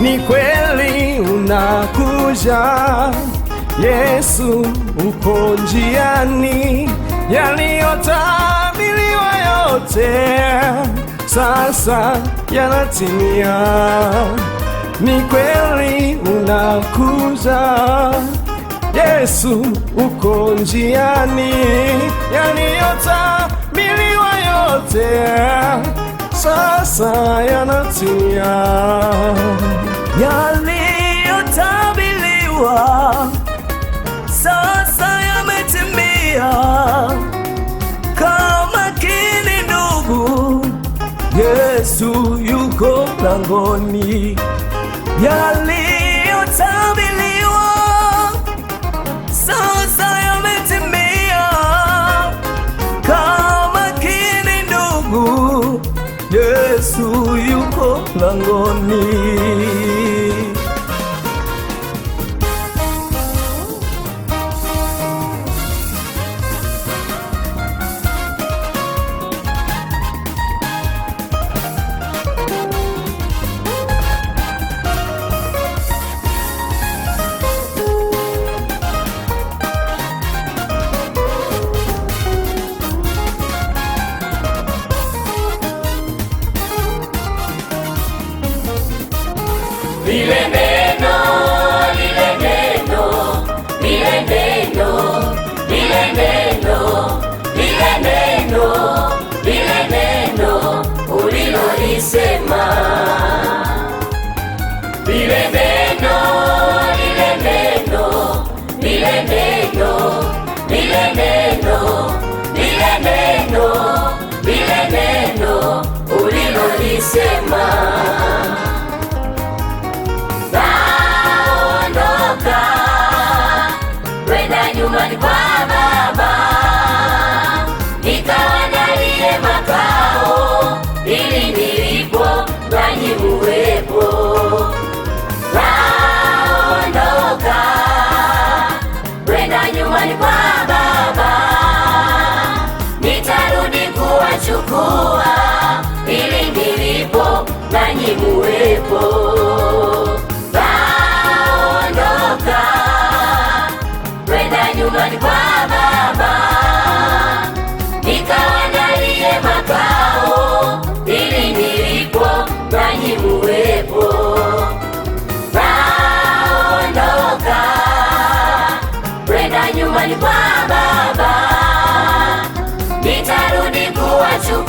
ni kweli unakuja. Yesu uko njiani, yaliyotabiriwa yote sasa yanatimia. Ni kweli unakuja, Yesu uko njiani, yaliyotabiriwa yote sasa yanatimia yaliyotabiliwa sasa yametimia. Kama kini ndugu, Yesu yuko mlangoni. Yaliyotabiliwa sasa yametimia. Kama kini ndugu, Yesu yuko mlangoni. neno, lile neno, lile neno ulilolisema. Naondoka kwenda nyumbani.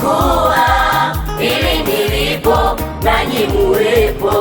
mvua ili nilipo nanyi muwepo.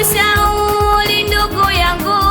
Ushauri ndugu yangu